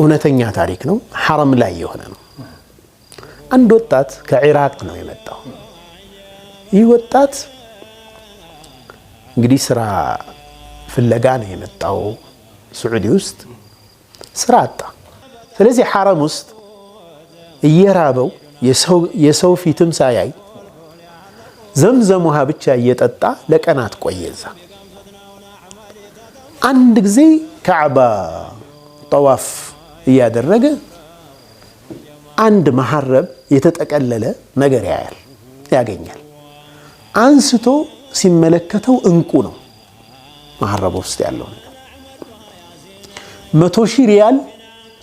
እውነተኛ ታሪክ ነው። ሐረም ላይ የሆነ ነው። አንድ ወጣት ከኢራቅ ነው የመጣው። ይህ ወጣት እንግዲህ ስራ ፍለጋ ነው የመጣው ስዑዲ ውስጥ ስራ አጣ። ስለዚህ ሐረም ውስጥ እየራበው የሰው ፊትም ሳያይ ዘምዘም ውሃ ብቻ እየጠጣ ለቀናት ቆየዛ። አንድ ጊዜ ካዕባ ጠዋፍ እያደረገ አንድ መሐረብ የተጠቀለለ ነገር ያያል ያገኛል። አንስቶ ሲመለከተው እንቁ ነው መሐረብ ውስጥ ያለው መቶ ሺ ሪያል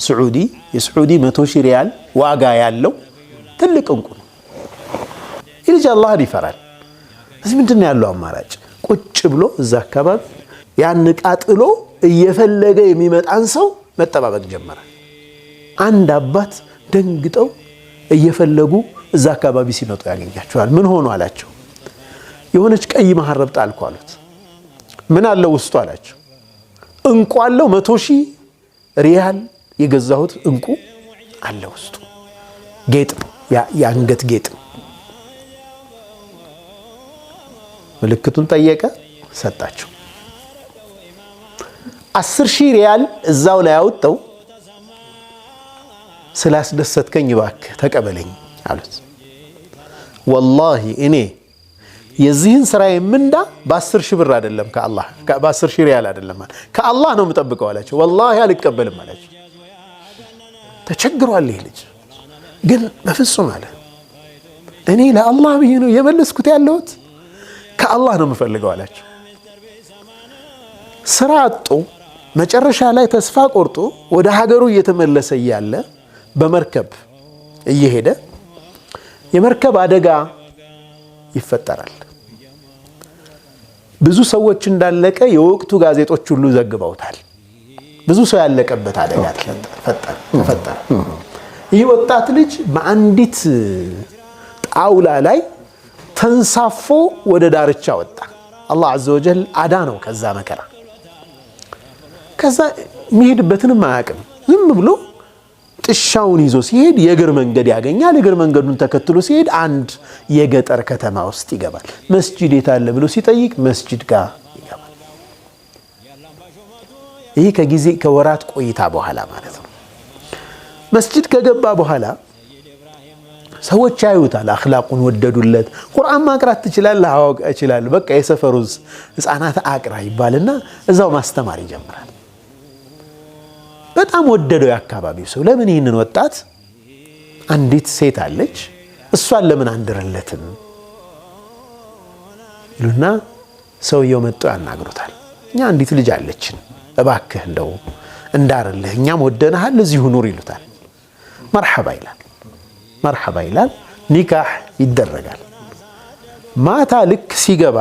ስዑዲ የስዑዲ መቶ ሺህ ሪያል ዋጋ ያለው ትልቅ እንቁ ነው። ይህ ልጅ አላህን ይፈራል። እዚህ ምንድን ነው ያለው አማራጭ? ቁጭ ብሎ እዛ አካባቢ ያን ዕቃ ጥሎ እየፈለገ የሚመጣን ሰው መጠባበቅ ጀመረ። አንድ አባት ደንግጠው እየፈለጉ እዛ አካባቢ ሲመጡ ያገኛቸዋል። ምን ሆኖ አላቸው። የሆነች ቀይ መሀረብ ጣልኩ አሉት። ምን አለው ውስጡ አላቸው። እንቁ አለው። መቶ ሺህ ሪያል የገዛሁት እንቁ አለ ውስጡ። ጌጥ የአንገት ጌጥ ምልክቱን ጠየቀ፣ ሰጣቸው። አስር ሺህ ሪያል እዛው ላይ አውጠው? ስላስደሰትከኝ እባክህ ተቀበለኝ አሉት። ወላሂ እኔ የዚህን ስራ የምንዳ በአስር ሺህ ብር አይደለም ከአላህ በአስር ሺህ ሪያል አይደለም ከአላህ ነው የምጠብቀው አላቸው። ወላሂ አልቀበልም አላቸው። ተቸግሯል ይህ ልጅ ግን በፍጹም አለ እኔ ለአላህ ብዬ ነው የመለስኩት ያለሁት ከአላህ ነው የምፈልገው አላቸው። ስራ አጡ። መጨረሻ ላይ ተስፋ ቆርጦ ወደ ሀገሩ እየተመለሰ እያለ በመርከብ እየሄደ የመርከብ አደጋ ይፈጠራል። ብዙ ሰዎች እንዳለቀ የወቅቱ ጋዜጦች ሁሉ ዘግበውታል። ብዙ ሰው ያለቀበት አደጋ ተፈጠረ። ይህ ወጣት ልጅ በአንዲት ጣውላ ላይ ተንሳፎ ወደ ዳርቻ ወጣ። አላህ አዘ ወጀል አዳ ነው ከዛ መከራ። ከዛ የሚሄድበትንም አያውቅም ዝም ብሎ ጥሻውን ይዞ ሲሄድ የእግር መንገድ ያገኛል። የእግር መንገዱን ተከትሎ ሲሄድ አንድ የገጠር ከተማ ውስጥ ይገባል። መስጂድ የት አለ ብሎ ሲጠይቅ መስጂድ ጋር ይገባል። ይህ ከጊዜ ከወራት ቆይታ በኋላ ማለት ነው። መስጂድ ከገባ በኋላ ሰዎች ያዩታል። አክላቁን ወደዱለት። ቁርአን ማቅራት ትችላለህ? አዎ እችላለሁ። በቃ የሰፈሩ ህፃናት አቅራ ይባልና እዛው ማስተማር ይጀምራል። በጣም ወደደው የአካባቢው ሰው። ለምን ይህንን ወጣት አንዲት ሴት አለች፣ እሷን ለምን አንድርለትም ይሉና ሰውየው መጥቶ ያናግሩታል። እኛ አንዲት ልጅ አለችን፣ እባክህ እንደው እንዳርልህ፣ እኛም ወደንሃል፣ እዚሁ ኑር ይሉታል። መርሐባ ይላል፣ መርሐባ ይላል። ኒካህ ይደረጋል። ማታ ልክ ሲገባ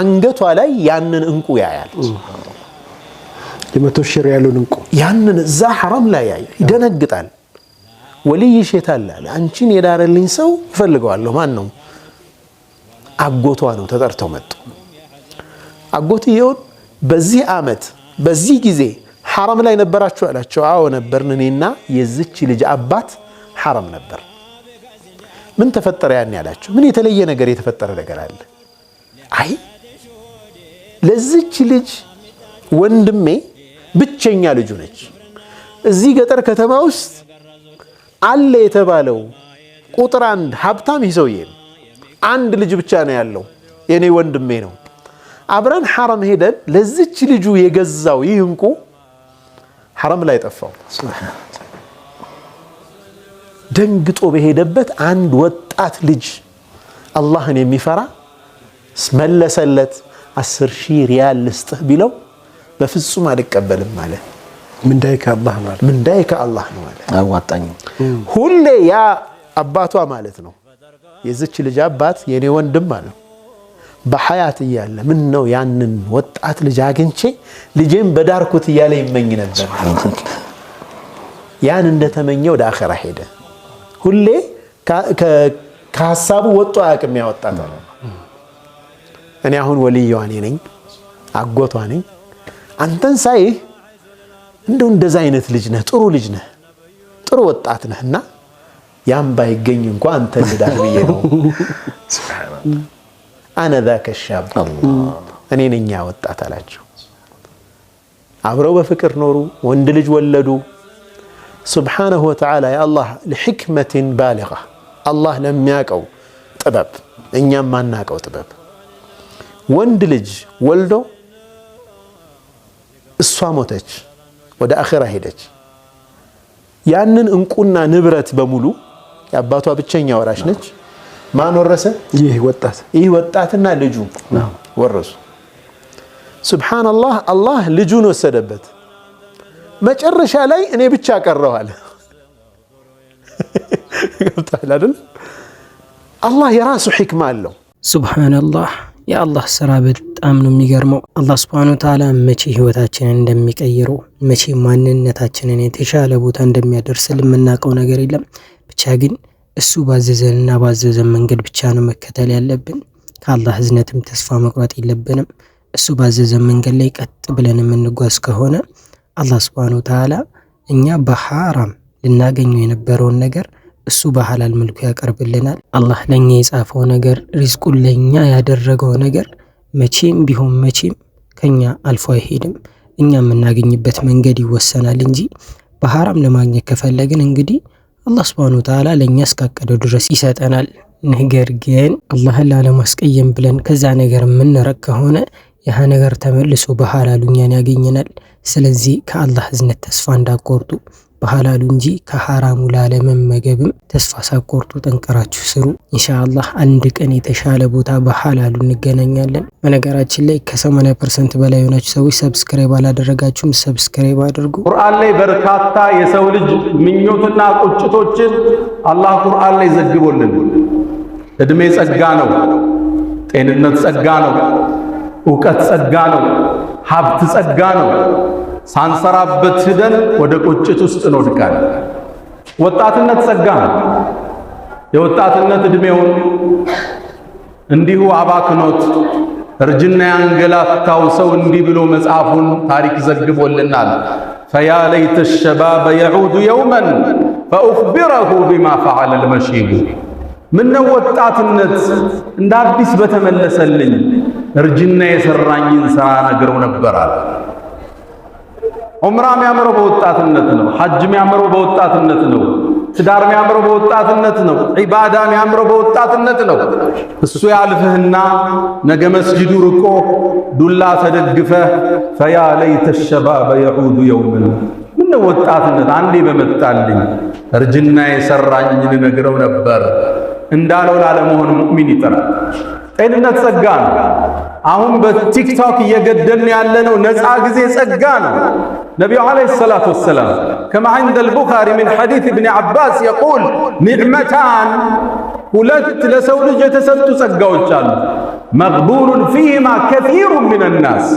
አንገቷ ላይ ያንን እንቁ ያያል። የመቶ ሺህ ሪያሉን እንቁ ያንን እዛ ሐራም ላይ ያየ ይደነግጣል። ወልይ ሼታል አለ አንቺን የዳረልኝ ሰው እፈልገዋለሁ። ማን ነው? አጎቷ ነው። ተጠርተው መጡ። አጎትየውን በዚህ አመት በዚህ ጊዜ ሐራም ላይ ነበራችሁ አላቸው። አዎ ነበርን፣ እኔና የዝች ልጅ አባት ሐራም ነበር። ምን ተፈጠረ ያን ያላቸው? ምን የተለየ ነገር የተፈጠረ ነገር አለ? አይ ለዝች ልጅ ወንድሜ ብቸኛ ልጁ ነች። እዚህ ገጠር ከተማ ውስጥ አለ የተባለው ቁጥር አንድ ሀብታም ይህ ሰውዬ ነው። አንድ ልጅ ብቻ ነው ያለው፣ የኔ ወንድሜ ነው። አብረን ሐረም ሄደን ለዚች ልጁ የገዛው ይህ እንቁ ሐረም ላይ ጠፋው። ደንግጦ በሄደበት አንድ ወጣት ልጅ አላህን የሚፈራ መለሰለት። አስር ሺህ ሪያል ልስጥህ ቢለው በፍጹም አልቀበልም ማለት ምንዳይ ከአላህ ማለት ምንዳይ ከአላህ ነው ማለት አዋጣኝ ሁሌ ያ አባቷ ማለት ነው የዚች ልጅ አባት የኔ ወንድም አለ በሀያት እያለ ምን ነው ያንን ወጣት ልጅ አግኝቼ ልጄም በዳርኩት እያለ ይመኝ ነበር። ያን እንደተመኘ ወደ አኸራ ሄደ። ሁሌ ከሀሳቡ ወጡ አያውቅም። ያወጣት እኔ አሁን ወልየዋ ነኝ፣ አጎቷ ነኝ አንተን ሳይህ እንደው እንደዛ አይነት ልጅ ነህ፣ ጥሩ ልጅ ነህ፣ ጥሩ ወጣት ነህ እና ያም ባይገኝ እንኳ አንተ ልዳህ ብዬ ነው። አነ ዛከ ሻብ እኔ ነኝ ወጣት አላቸው። አብረው በፍቅር ኖሩ፣ ወንድ ልጅ ወለዱ። ሱብሓነሁ ወተዓላ የአላህ ለሕክመትን ባሊጋ አላህ ለሚያቀው ጥበብ እኛም ማናቀው ጥበብ ወንድ ልጅ ወልዶ እሷ ሞተች፣ ወደ አኼራ ሄደች። ያንን እንቁና ንብረት በሙሉ የአባቷ ብቸኛ ወራሽ ነች። ማን ወረሰ? ይህ ወጣት ይህ ወጣትና ልጁ ወረሱ። ሱብሃነላህ አላህ ልጁን ወሰደበት። መጨረሻ ላይ እኔ ብቻ ቀረሁ አለ። አይደል? አላህ የራሱ ሕክማ አለው። ሱብሓነላህ የአላህ ስራ በጣም ነው የሚገርመው። አላህ ስብሐነ ወተዓላ መቼ ህይወታችንን እንደሚቀይሩ መቼ ማንነታችንን የተሻለ ቦታ እንደሚያደርስል የምናውቀው ነገር የለም። ብቻ ግን እሱ ባዘዘንና ባዘዘን መንገድ ብቻ ነው መከተል ያለብን። ከአላህ ህዝነትም ተስፋ መቁረጥ የለብንም። እሱ ባዘዘን መንገድ ላይ ቀጥ ብለን የምንጓዝ ከሆነ አላህ ስብሐነ ወተዓላ እኛ በሐራም ልናገኘው የነበረውን ነገር እሱ በሐላል መልኩ ያቀርብልናል። አላህ ለእኛ የጻፈው ነገር ሪዝቁን ለእኛ ያደረገው ነገር መቼም ቢሆን መቼም ከኛ አልፎ አይሄድም። እኛ የምናገኝበት መንገድ ይወሰናል እንጂ በሐራም ለማግኘት ከፈለግን እንግዲህ አላህ ስብሐነሁ ወተዓላ ለእኛ እስካቀደው ድረስ ይሰጠናል። ነገር ግን አላህን ላለማስቀየም ብለን ከዛ ነገር የምንረቅ ከሆነ ያህ ነገር ተመልሶ በሐላሉ እኛን ያገኘናል። ስለዚህ ከአላህ እዝነት ተስፋ እንዳቆርጡ በሐላሉ እንጂ ከሐራሙ ላለመመገብም ተስፋ ሳቆርጡ ጠንቀራችሁ ስሩ። ኢንሻአላህ አንድ ቀን የተሻለ ቦታ በሐላሉ እንገናኛለን። በነገራችን ላይ ከ80 ፐርሰንት በላይ የሆናችሁ ሰዎች ሰብስክራይብ አላደረጋችሁም፣ ሰብስክራይብ አድርጉ። ቁርአን ላይ በርካታ የሰው ልጅ ምኞትና ቁጭቶችን አላህ ቁርአን ላይ ዘግቦልን። እድሜ ጸጋ ነው፣ ጤንነት ጸጋ ነው፣ እውቀት ጸጋ ነው፣ ሀብት ጸጋ ነው። ሳንሰራበት ሂደን ወደ ቁጭት ውስጥ እንወድቃለን። ወጣትነት ጸጋ ነው። የወጣትነት እድሜውን እንዲሁ አባክኖት እርጅና ያንገላታው ሰው እንዲህ ብሎ መጽሐፉን ታሪክ ዘግቦልናል። ፈያ ለይተ ሸባበ የዑዱ የውመን ፈኡኽቢረሁ ቢማ ፈዓለ ልመሺቡ። ምነው ወጣትነት እንደ አዲስ በተመለሰልኝ እርጅና የሰራኝን ሥራ ነግረው ነበራል። ዑምራ የሚያምረው በወጣትነት ነው። ሐጅ የሚያምረው በወጣትነት ነው። ትዳር የሚያምረው በወጣትነት ነው። ዒባዳ የሚያምረው በወጣትነት ነው። እሱ ያልፍህና ነገ መስጂዱ ርቆ ዱላ ተደግፈህ ፈያ ለይተ ሸባበ የዑዱ የውምን ምነው ወጣትነት አንዴ በመጣልኝ እርጅና የሰራኝ ልነግረው ነበር እንዳለው ላለመሆን ሙእሚን ይጠራል። ጤንነት ጸጋ ነው። አሁን በቲክቶክ እየገደልን ያለነው ነፃ ጊዜ ጸጋ ነው። ነቢዩ ዓለይሂ ሰላቱ ወሰላም ከማ ዐንደ አልቡኻሪ ምን ሐዲስ ኢብኒ ዓባስ የቁል ኒዕመታን ሁለት ለሰው ልጅ የተሰጡ ጸጋዎች አሉ። መቅቡሉን ፊህማ ከሲሩ ሚነናስ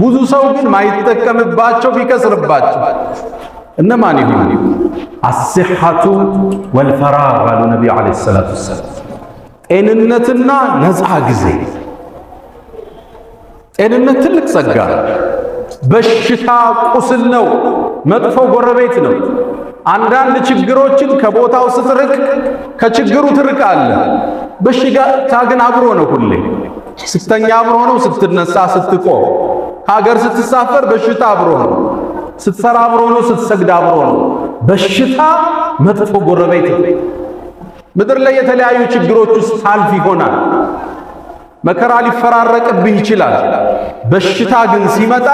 ብዙ ሰው ግን ማይጠቀምባቸው ቢከስርባቸው እነማን ይሁን አስሐቱ ወልፈራር አሉ ነቢዩ ዓለይሂ ሰላቱ ወሰላም። ጤንነትና ነፃ ጊዜ። ጤንነት ትልቅ ጸጋ። በሽታ ቁስል ነው፣ መጥፎ ጎረቤት ነው። አንዳንድ ችግሮችን ከቦታው ስትርቅ ከችግሩ ትርቃለህ። በሽታ ግን አብሮ ነው ሁሌ። ስተኛ አብሮ ነው፣ ስትነሳ፣ ስትቆም፣ ከሀገር ስትሳፈር በሽታ አብሮ ነው። ስትሰራ አብሮ ነው፣ ስትሰግድ አብሮ ነው። በሽታ መጥፎ ጎረቤት። ምድር ላይ የተለያዩ ችግሮች ውስጥ ታልፍ ይሆናል። መከራ ሊፈራረቅብህ ይችላል። በሽታ ግን ሲመጣ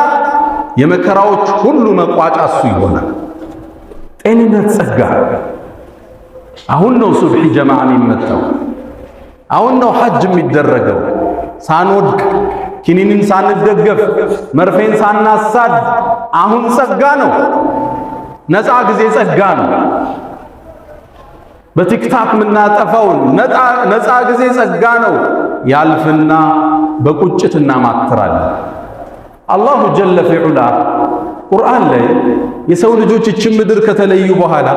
የመከራዎች ሁሉ መቋጫ እሱ ይሆናል። ጤንነት ጸጋ። አሁን ነው ሱብሒ ጀማዓ የሚመጣው። አሁን ነው ሐጅ የሚደረገው ሳንወድቅ ኪኒንን ሳንደገፍ መርፌን ሳናሳድ አሁን ጸጋ ነው፣ ነፃ ጊዜ ጸጋ ነው። በቲክታክ የምናጠፋውን ነፃ ጊዜ ጸጋ ነው። ያልፍና በቁጭት እናማትራለን። አላሁ ጀለ ፊዑላ ቁርአን ላይ የሰው ልጆች እችን ምድር ከተለዩ በኋላ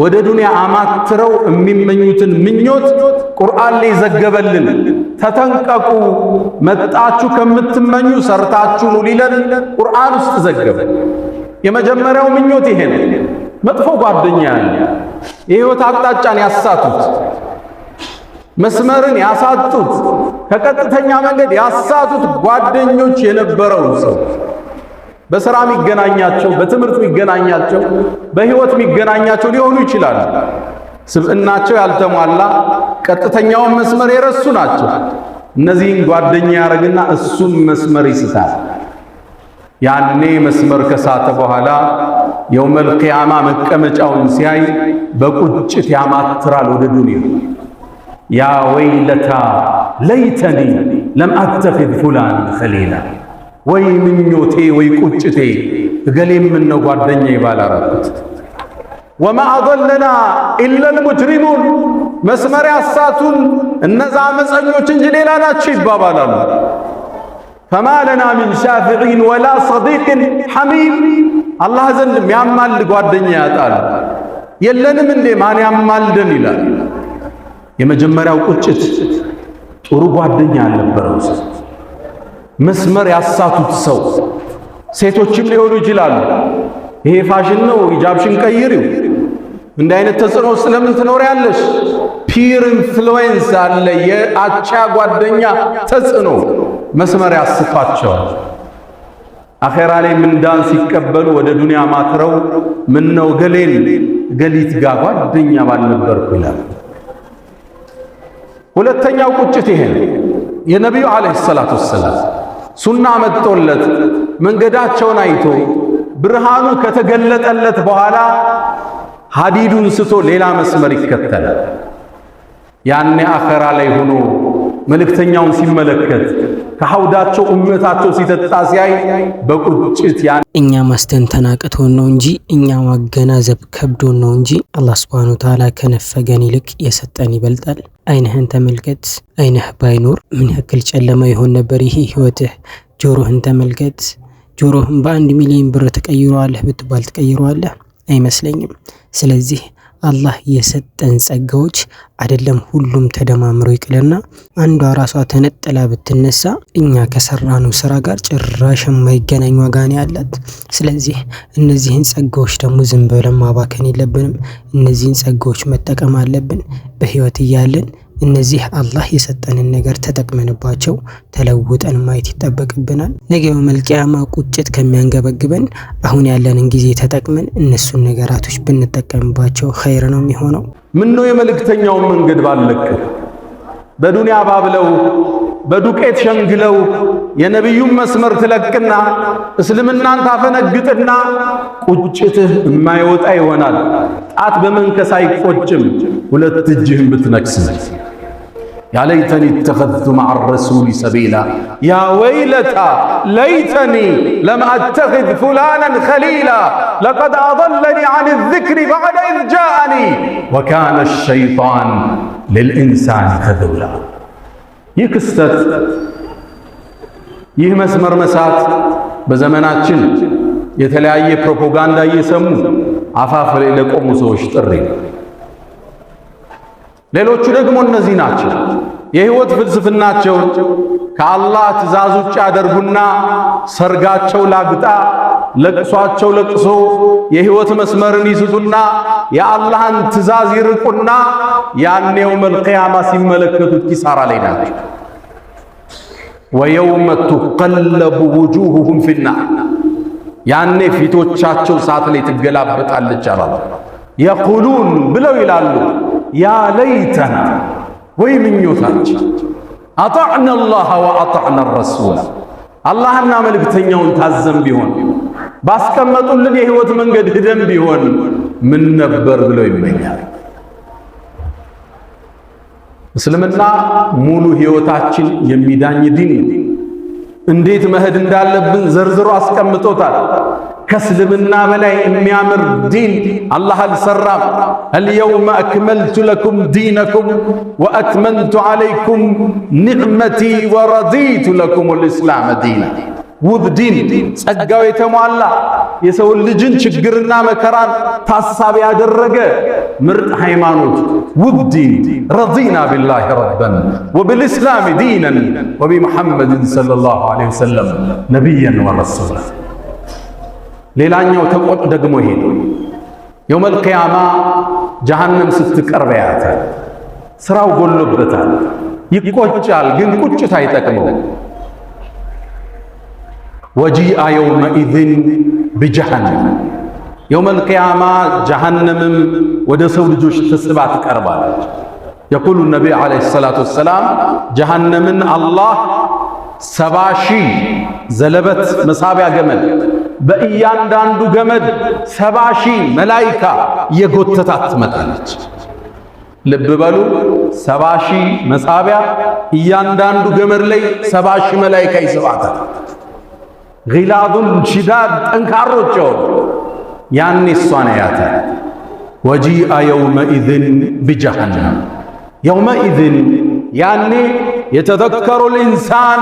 ወደ ዱንያ አማትረው የሚመኙትን ምኞት ቁርአን ላይ ዘገበልን። ተጠንቀቁ፣ መጣችሁ ከምትመኙ ሰርታችሁ ኑ ሊለን ቁርአን ውስጥ ዘገበ። የመጀመሪያው ምኞት ይሄ ነው። መጥፎ ጓደኛ የህይወት አቅጣጫን ያሳቱት፣ መስመርን ያሳጡት፣ ከቀጥተኛ መንገድ ያሳቱት ጓደኞች የነበረውን ሰው በሥራ የሚገናኛቸው፣ በትምህርት የሚገናኛቸው፣ በህይወት የሚገናኛቸው ሊሆኑ ይችላሉ። ስብዕናቸው ያልተሟላ ቀጥተኛውን መስመር የረሱ ናቸው። እነዚህን ጓደኛ ያደረግና እሱም መስመር ይስታል። ያኔ መስመር ከሳተ በኋላ የውመል ቂያማ መቀመጫውን ሲያይ በቁጭት ያማትራል ወደ ዱንያ። ያ ወይለታ ለይተኒ ለም አተኺዝ ፉላን ኸሊላ ወይ ምኞቴ ወይ ቁጭቴ እገሌ ምን ነው ጓደኛ ይባል አረበት ወማ አደለና ኢለል ሙጅሪሙን መስመር ያሳቱን እነዛ አመፀኞች እንጂ ሌላ ናቸው ይባባላሉ። ፈማ ለና ሚን ሻፊዒን ወላ ሰዲቅን ሐሚም አላህ ዘንድ የሚያማልድ ጓደኛ ያጣል የለንም እንዴ ማን ያማልደን ይላል። የመጀመሪያው ቁጭት ጥሩ ጓደኛ አልነበረው። መስመር ያሳቱት ሰው ሴቶችም ሊሆኑ ይችላሉ። ይሄ ፋሽን ነው፣ ሂጃብሽን ቀይሪው፣ እንዲህ አይነት ተጽዕኖ ውስጥ ለምን ትኖሪያለሽ? ፒር ኢንፍሉዌንስ አለ፣ የአቻ ጓደኛ ተጽዕኖ መስመር ያስቷቸዋል። አኼራ ላይ ምንዳን ሲቀበሉ ወደ ዱንያ ማትረው ነው ገሌል ገሊት ጋር ጓደኛ ባልነበርኩ ይላል። ሁለተኛው ቁጭት ይሄ ነው። የነቢዩ አለይሂ ሰላቱ ወሰላም ሱና መጥቶለት መንገዳቸውን አይቶ ብርሃኑ ከተገለጠለት በኋላ ሀዲዱን ስቶ ሌላ መስመር ይከተላል። ያኔ አኸራ ላይ ሆኖ መልእክተኛውን ሲመለከት ከሐውዳቸው ኡመታቸው ሲጠጣ ሲያይ በቁጭት እኛ ማስተንተን አቅቶን ነው እንጂ እኛ ማገናዘብ ከብዶን ነው እንጂ አላህ ስብሃነ ወተዓላ ከነፈገን ይልቅ የሰጠን ይበልጣል። አይንህን ተመልከት። አይንህ ባይኖር ምን ያክል ጨለማ ይሆን ነበር ይሄ ህይወትህ። ጆሮህን ተመልከት። ጆሮህን በአንድ ሚሊዮን ብር ትቀይረዋለህ ብትባል ትቀይረዋለህ? አይመስለኝም። ስለዚህ አላህ የሰጠን ጸጋዎች አይደለም ሁሉም ተደማምሮ ይቅለና አንዷ ራሷ ተነጥላ ብትነሳ እኛ ከሰራነው ስራ ጋር ጭራሽ የማይገናኝ ዋጋ ነው ያላት። ስለዚህ እነዚህን ጸጋዎች ደግሞ ዝም ብለን ማባከን የለብንም። እነዚህን ጸጋዎች መጠቀም አለብን በህይወት እያለን እነዚህ አላህ የሰጠንን ነገር ተጠቅመንባቸው ተለውጠን ማየት ይጠበቅብናል። ነገ መልቂያማ ቁጭት ከሚያንገበግበን አሁን ያለንን ጊዜ ተጠቅመን እነሱን ነገራቶች ብንጠቀምባቸው ኸይር ነው የሚሆነው። ምን ነው የመልእክተኛውን መንገድ ባለቅ በዱንያ ባብለው በዱቄት ሸንግለው የነቢዩን መስመር ትለቅና እስልምናን ታፈነግጥና ቁጭትህ የማይወጣ ይሆናል። ጣት በመንከስ አይቆጭም፣ ሁለት እጅህም ብትነክስ يا ليتني اتخذت مع الرسول سبيلا يا ويلتى ليتني لم اتخذ فلانا خليلا لقد اضلني عن الذكر بعد اذ جاءني وكان الشيطان للانسان خذولا يكستت ክስተት ይህ መስመር መሳት በዘመናችን የተለያየ ፕሮፓጋንዳ እየሰሙ አፋፍ ላይ ለቆሙ ሰዎች ጥሪ ሌሎቹ ደግሞ እነዚህ ናቸው የህይወት ፍልስፍናቸው ከአላህ ትእዛዝ ውጭ ያደርጉና ሰርጋቸው ላግጣ፣ ለቅሷቸው ለቅሶ፣ የህይወት መስመርን ይስቱና የአላህን ትእዛዝ ይርቁና ያኔው መልቅያማ ሲመለከቱት ኪሳራ ላይ ናቸው። ወየውመ ቱቀለቡ ውጁሁሁም ፊናር ያኔ ፊቶቻቸው ሳት ላይ ትገላበጣለች። አላ የቁሉን ብለው ይላሉ ያ ለይተና ወይ ምኞታችን አጣዕና አላህ ወአጣዕና ረሱላ አላህና መልእክተኛውን ታዘን ቢሆን ባስቀመጡልን የህይወት መንገድ ሂደን ቢሆን ምን ነበር ብለው ይመኛል። እስልምና ሙሉ ህይወታችን የሚዳኝ ዲን እንዴት መሄድ እንዳለብን ዘርዝሮ አስቀምጦታል። ከእስልምና በላይ የሚያምር ዲን አላህ አልሰራም። አልየውመ አክመልቱ ለኩም ዲነኩም ወአትመንቱ ዓለይኩም ኒዕመቲ ወረዲቱ ለኩም ልእስላም ዲና። ውብ ዲን ጸጋው የተሟላ የሰው ልጅን ችግርና መከራን ታሳቢ ያደረገ ምርጥ ሃይማኖት ውብ ዲን ረዲና ቢላሂ ረበን ወብልእስላም ዲነን ወቢሙሐመድን ሰለላሁ ዐለይሂ ወሰለም ነቢየን ወረሱላ ሌላኛው ተቆጥ ደግሞ ይሄ ነው። የውመል ቂያማ ጀሃነም ስትቀርበ ያያታል። ስራው ጎሎበታል፣ ይቆጫል፣ ግን ቁጭት አይጠቅመው። ወጂአ የውመኢዝን ብጀሃነም የውመል ቂያማ ጀሃነምም ወደ ሰው ልጆች ተስባ ትቀርባለች። የቁሉ ነቢይ ዓለይሂ ሰላቱ ወሰላም ጀሃነምን አላህ ሰባ ሺህ ዘለበት መሳቢያ ገመል! በእያንዳንዱ ገመድ ሰባ ሺህ መላይካ የጎተታት ትመጣለች። ልብ በሉ፣ ሰባ ሺህ መሳቢያ እያንዳንዱ ገመድ ላይ ሰባ ሺህ መላይካ ይስባታል። ጊላዱን ሽዳድ ጠንካሮች የሆኑ ያኔ እሷን ያተ ወጂአ የውመኢዝን ብጀሃነም የውመኢዝን ያኔ የተዘከሩ ልኢንሳን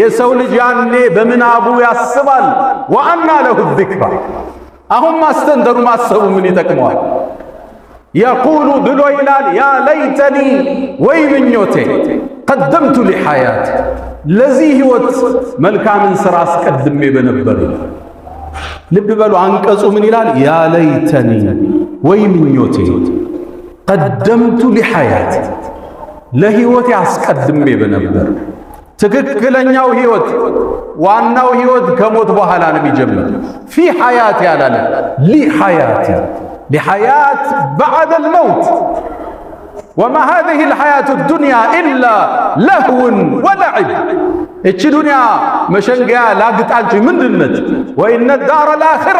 የሰው ልጅ ያኔ በምናቡ ያስባል። ወአና ለሁ ዚክራ አሁን ማስተንተኑ ማሰቡ ምን ይጠቅመዋል? የቁሉ ብሎ ይላል ያ ለይተኒ ወይ ምኞቴ ቀደምቱ ሊሐያት ለዚህ ህይወት መልካምን ሥራ አስቀድሜ በነበር። ልብ በሉ አንቀጹ ምን ይላል? ያ ለይተኒ ወይ ምኞቴ ቀደምቱ ሊሐያት ለህይወት ያስቀድሜ በነበር ትክክለኛው ህይወት ዋናው ህይወት ከሞት በኋላ ነው የሚጀምር። ፊ ሐያት ያላለ ሊሐያት ሊሐያት ባዕደ ልመውት ወማ ሃዚህ ልሐያቱ ዱንያ ኢላ ለህውን ወለዕብ። እቺ ዱንያ መሸንገያ ላግጣንጭ ምንድነት? ወኢነ ዳረ ልአኽራ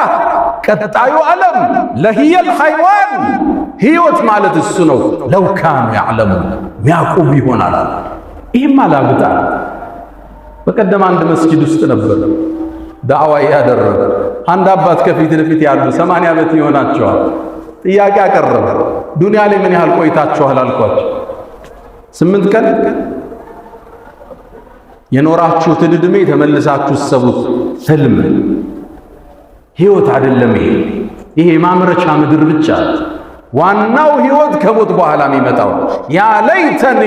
ቀጣዩ ዓለም ለህየ ልሐይዋን ህይወት ማለት እሱ ነው። ለውካኑ ያዕለሙ ሚያቁብ ይሆናል አለ። ይህም አላብጣ በቀደም አንድ መስጂድ ውስጥ ነበር ዳዕዋ ያደረገ አንድ አባት ከፊት ለፊት ያሉ ሰማንያ ዓመት ይሆናቸዋል። ጥያቄ አቀረበ። ዱንያ ላይ ምን ያህል ቆይታችኋል አልኳቸው። ስምንት ቀን የኖራችሁትን ዕድሜ ተመልሳችሁ ሰቡት። ህልም ህይወት አይደለም ይሄ ይሄ ማምረቻ ምድር ብቻ ዋናው ህይወት ከሞት በኋላ የሚመጣው ያ ለይተኒ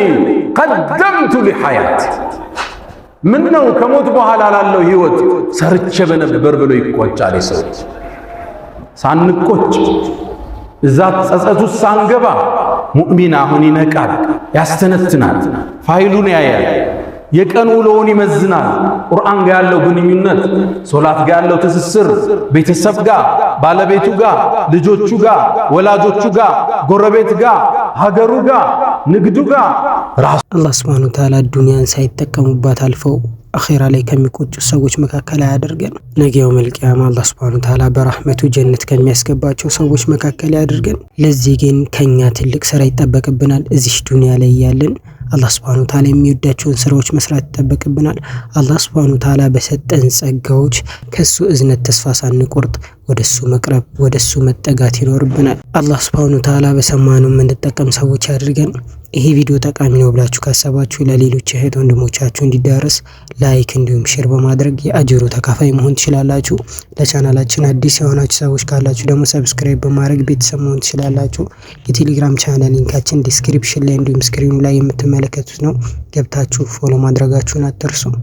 ቀደምቱ ሊሐያት ምን ነው ከሞት በኋላ ላለው ህይወት ሰርቼ በነበር ብሎ ይቆጫል። ሰው ሳንቆጭ እዛ ጸጸቱ ሳንገባ ሙእሚን አሁን ይነቃል፣ ያስተነትናል፣ ፋይሉን ያያል። የቀን ውሎውን ይመዝናል። ቁርአን ጋር ያለው ግንኙነት፣ ሶላት ጋር ያለው ትስስር፣ ቤተሰብ ጋር፣ ባለቤቱ ጋር፣ ልጆቹ ጋር፣ ወላጆቹ ጋር፣ ጎረቤት ጋር፣ ሀገሩ ጋር፣ ንግዱ ጋር ራሱ አላህ ስብሐነ ወተዓላ ዱንያን ሳይጠቀሙባት አልፈው አኼራ ላይ ከሚቆጩ ሰዎች መካከል አያደርገን። ነገው መልቅያማ አላህ ስብሐነ ወተዓላ በራህመቱ ጀነት ከሚያስገባቸው ሰዎች መካከል ያደርገን። ለዚህ ግን ከኛ ትልቅ ስራ ይጠበቅብናል እዚህ ዱንያ ላይ እያለን አላህ ስብሐነሁ ተዓላ የሚወዳቸውን ስራዎች መስራት ይጠበቅብናል። አላህ ስብሐነሁ ተዓላ በሰጠን ጸጋዎች ከሱ እዝነት ተስፋ ሳንቆርጥ ወደ እሱ መቅረብ ወደ እሱ መጠጋት ይኖርብናል። አላህ ስብሐነሁ ተዓላ በሰማኑ የምንጠቀም ሰዎች አድርገን ይሄ ቪዲዮ ጠቃሚ ነው ብላችሁ ካሰባችሁ ለሌሎች እህት ወንድሞቻችሁ እንዲዳረስ ላይክ እንዲሁም ሼር በማድረግ የአጅሮ ተካፋይ መሆን ትችላላችሁ። ለቻናላችን አዲስ የሆናችሁ ሰዎች ካላችሁ ደግሞ ሰብስክራይብ በማድረግ ቤተሰብ መሆን ትችላላችሁ። የቴሌግራም ቻናል ሊንካችን ዲስክሪፕሽን ላይ እንዲሁም ስክሪኑ ላይ የምትመለከቱት ነው። ገብታችሁ ፎሎ ማድረጋችሁን አትርሱ።